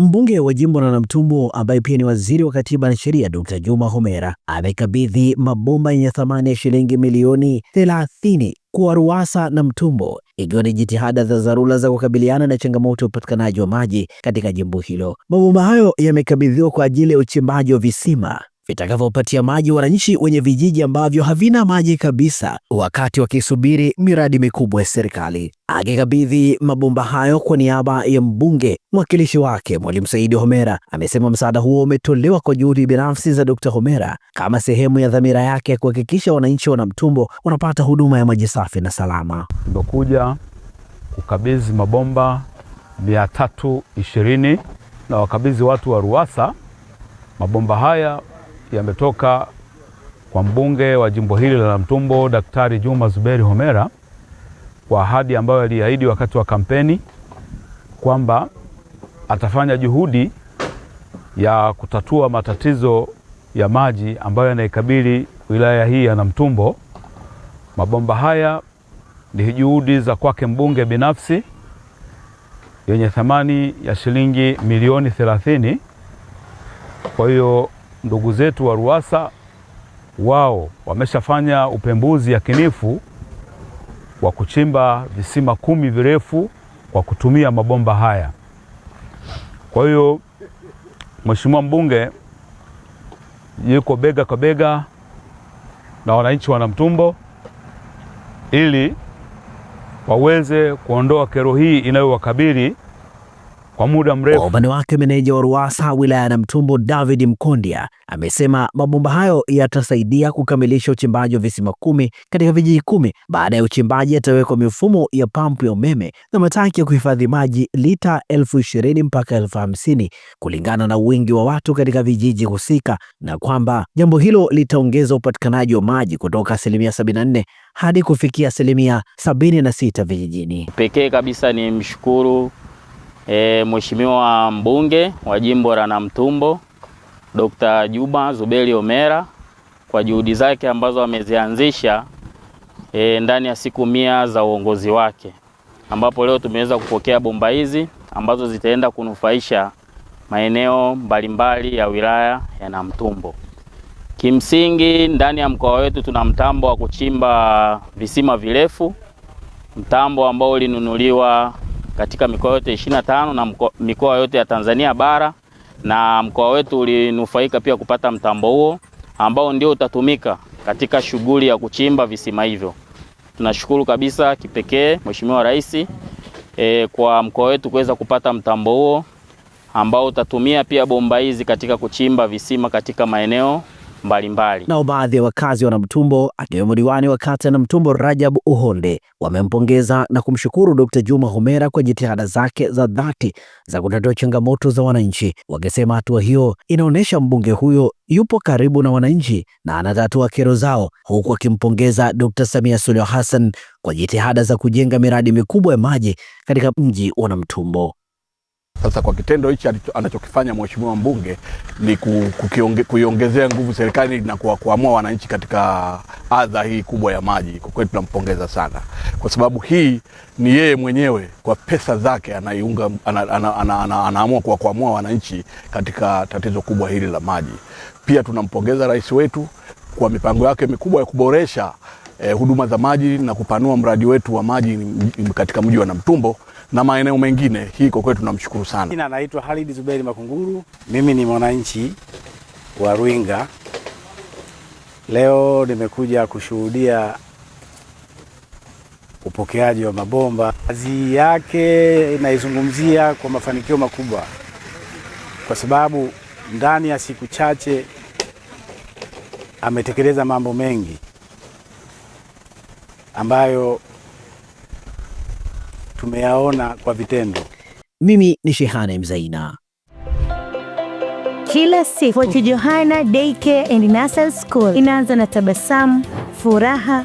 Mbunge wa jimbo la Namtumbo ambaye pia ni waziri wa katiba na sheria, Dr. Juma Homera amekabidhi mabomba yenye thamani ya shilingi milioni 30 kwa RUWASA Namtumbo ikiwa ni jitihada za dharura za kukabiliana na changamoto ya upatikanaji wa maji katika jimbo hilo. Mabomba hayo yamekabidhiwa kwa ajili ya uchimbaji wa visima vitakavyopatia maji wananchi wenye vijiji ambavyo havina maji kabisa wakati wakisubiri miradi mikubwa ya serikali. Akikabidhi mabomba hayo kwa niaba ya mbunge, mwakilishi wake Mwalimu Saidi Homera amesema msaada huo umetolewa kwa juhudi binafsi za Dkt. Homera kama sehemu ya dhamira yake ya kuhakikisha wananchi wa Namtumbo wanapata huduma ya maji safi na salama. Tumekuja kukabidhi mabomba 320 na wakabidhi watu wa RUWASA mabomba haya yametoka kwa mbunge wa jimbo hili la Namtumbo Daktari Juma Zuberi Homera kwa ahadi ambayo aliahidi wakati wa kampeni kwamba atafanya juhudi ya kutatua matatizo ya maji ambayo yanaikabili wilaya hii ya Namtumbo. Mabomba haya ni juhudi za kwake mbunge binafsi yenye thamani ya shilingi milioni thelathini. Kwa hiyo ndugu zetu wa Ruwasa wao wameshafanya upembuzi yakinifu wa kuchimba visima kumi virefu kwa kutumia mabomba haya. Kwa hiyo Mheshimiwa mbunge yuko bega kwa bega na wananchi wa Namtumbo ili waweze kuondoa kero hii inayowakabili kwa muda mrefu. Kwa upande wake, meneja wa Ruwasa wilaya ya Namtumbo David mkondia amesema mabomba hayo yatasaidia kukamilisha uchimbaji wa visima kumi katika vijiji kumi. Baada ya uchimbaji, yatawekwa mifumo ya pampu ya umeme na matanki ya kuhifadhi maji lita elfu ishirini mpaka elfu hamsini kulingana na wingi wa watu katika vijiji husika, na kwamba jambo hilo litaongeza upatikanaji wa maji kutoka asilimia 74 hadi kufikia asilimia 76 vijijini. Pekee kabisa ni mshukuru e, Mheshimiwa mbunge wa jimbo la Namtumbo Dr. Juma Zuberi Homera kwa juhudi zake ambazo amezianzisha e, ndani ya siku mia za uongozi wake, ambapo leo tumeweza kupokea bomba hizi ambazo zitaenda kunufaisha maeneo mbalimbali ya wilaya ya Namtumbo. Kimsingi ndani ya mkoa wetu tuna mtambo wa kuchimba visima virefu, mtambo ambao ulinunuliwa katika mikoa yote 25 na mikoa yote ya Tanzania bara, na mkoa wetu ulinufaika pia kupata mtambo huo ambao ndio utatumika katika shughuli ya kuchimba visima hivyo. Tunashukuru kabisa kipekee Mheshimiwa Rais e, kwa mkoa wetu kuweza kupata mtambo huo ambao utatumia pia bomba hizi katika kuchimba visima katika maeneo mbalimbali. Nao baadhi ya wakazi wa Namtumbo akiwemo diwani wa kata ya Namtumbo Rajab Uhonde wamempongeza na kumshukuru Dkt. Juma Homera kwa jitihada zake za dhati za kutatua changamoto za wananchi, wakisema hatua hiyo inaonyesha mbunge huyo yupo karibu na wananchi na anatatua kero zao, huku akimpongeza Dkt. Samia Suluhu Hassan kwa jitihada za kujenga miradi mikubwa ya maji katika mji wa Namtumbo. Sasa kwa kitendo hichi anachokifanya mheshimiwa mbunge ni kuiongezea nguvu serikali na kuamua wananchi katika adha hii kubwa ya maji. Kwa kweli tunampongeza sana, kwa sababu hii ni yeye mwenyewe kwa pesa zake anaiunga, ana, ana, ana, ana, kuamua wananchi katika tatizo kubwa hili la maji. Pia tunampongeza rais wetu kwa mipango yake mikubwa ya kuboresha eh, huduma za maji na kupanua mradi wetu wa maji katika mji wa Namtumbo na maeneo mengine. Hii kwa kweli tunamshukuru sana. Jina naitwa Halid Zuberi Makunguru, mimi ni mwananchi wa Ruinga. Leo nimekuja kushuhudia upokeaji wa mabomba. Kazi yake inaizungumzia kwa mafanikio makubwa, kwa sababu ndani ya siku chache ametekeleza mambo mengi ambayo tumeyaona kwa vitendo. Mimi ni Shehane Mzaina. Kila siku Fort Johanna Daycare and Nursery School inaanza na tabasamu, furaha